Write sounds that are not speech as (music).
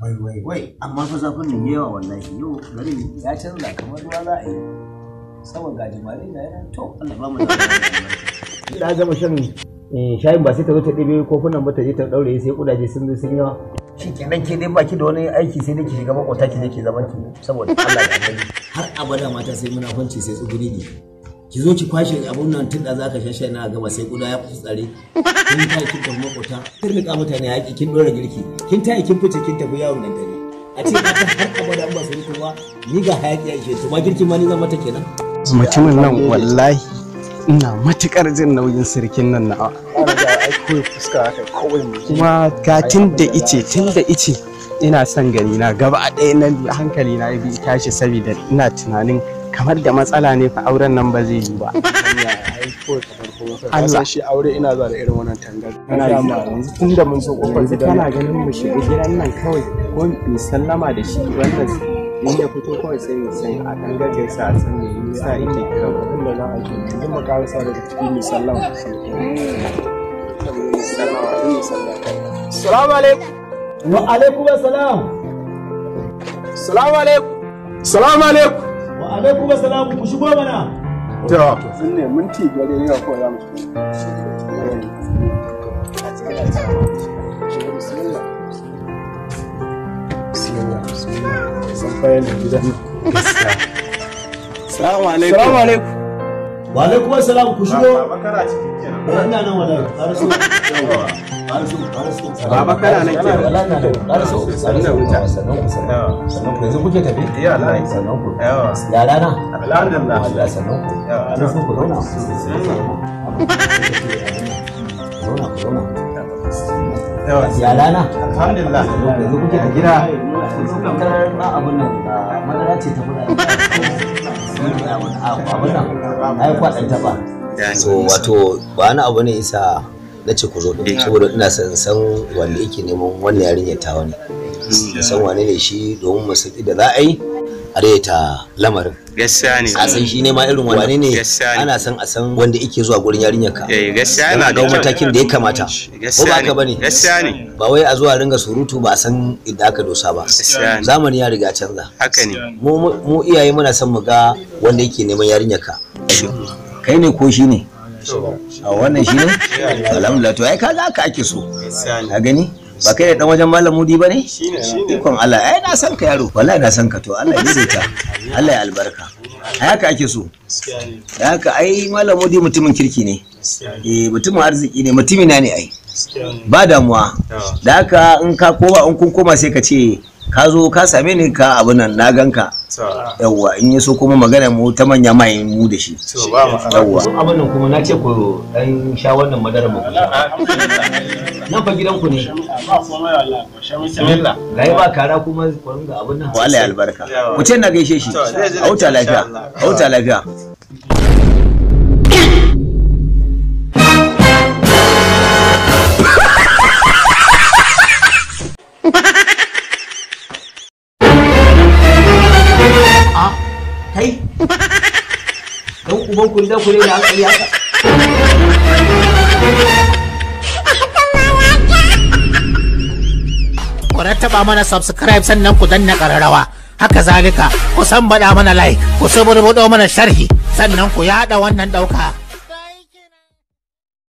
wai wai wai amma fa zafin nan yawa wallahi yau garin ya canza kamar ruwa za a yi saboda gajimare da yana to Allah ba mu da gama shan eh, shayin ba sai ta zo ta ɗebe kofunan ba ta je ta ɗaure sai kudaje sun zo sun yawa shi kenan ke dai baki da wani aiki sai dai ki shiga makota ki je ki zaman ki saboda Allah ya har abada mata sai muna kwanci sai tsuguri ne ki zo ki kwashe abun nan tunda zaka shashe na gama sai guda ya fita tsare kin ta kin ta makota kin rika mutane haƙi kin dora girki kin ta kin fice kin tafi yawon nan dare a ce ka har abada an amma sun rutuwa ni ga haƙi ya ishe to ma girki ma ni zan mata kenan mutumin nan wallahi ina matukar jin nauyin sirkin nan na kuma ga tun da ice tun da ice ina son gani na gaba ɗaya nan hankali na ya bi tashi saboda ina tunanin kamar da matsala ne fa auren nan ba zai yi ba Allah shi aure ina zuwa da irin wannan tangar yanzu tun da mun so kofar gida kana ganin mu shiga gidan nan kawai ko mu sallama da shi wannan in ya fito kawai sai mu sai a dan gaggaisa a san me yasa yake kawai abin da za a yi yanzu mu ƙara sa daga cikin mu sallama Salamu alaikum. Wa alaikum assalam. Salamu alaikum. Salamu alaikum. alaikum assalamu ku shigo mana to sun ne minti gare mu Salamu alaikum. Salamu alaikum. Wa alaikum assalam ku shigo. Ba makara cikin kenan. Ina nan Baba kana nan ke da nan da sannan wuta sannan ku yanzu kuke tafi ya lai sannan ku ya rana alhamdulillah Allah sannan ku ya sun ku zauna zauna ku zauna ya rana alhamdulillah yanzu kuke a gida sukan na abin nan madara ce ta fura abin kwaɗanta ba so wato wani abu ne isa na ce ku zo ɗin eh. saboda ina san san wanda yake neman wannan yarinya ta wani san wane ne shi domin mu saki da za a yi a daidaita lamarin gaskiya ne a san shi ne ma irin wane ne ana san a san wanda yake zuwa gurin yarinyar ka eh gaskiya ne ga matakin da ya kamata ko ba ka bane gaskiya ne ba wai a zuwa ringa surutu ba san idan aka dosa ba zamani ya riga canza haka ne mu iyaye muna son mu ga wanda yake neman yarinyar ka kai ne ko shi ne a wannan (laughs) shi ne alhamdulillah to ai ka za ka ake so ka gani ba kai da dan wajen malam mudi ba ne ikon Allah ai na san ka yaro wallahi na san ka to Allah ya zai ta. Allah ya albarka ai haka ake so haka ai malam mudi mutumin kirki ne eh mutumin arziki ne na ne ai ba damuwa da haka in ka koma in kun koma sai ka ce ka zo ka same ni ka abu nan na ganka yawwa in ya so kuma magana mu ta manya mai mu da shi yawwa abin nan kuma na ce ku dan sha wannan madara mu na fa gidanku ne ga ba kara kuma ku ringa abin nan wallahi albarka ku ce na gaishe shi a huta lafiya a huta lafiya kai dan uban ku da ku rena hankali haka ku rattaba mana subscribe sannan ku danna ƙararrawa haka zalika ku san baɗa mana like ku saburbudo mana sharhi sannan ku yaɗa wannan ɗauka.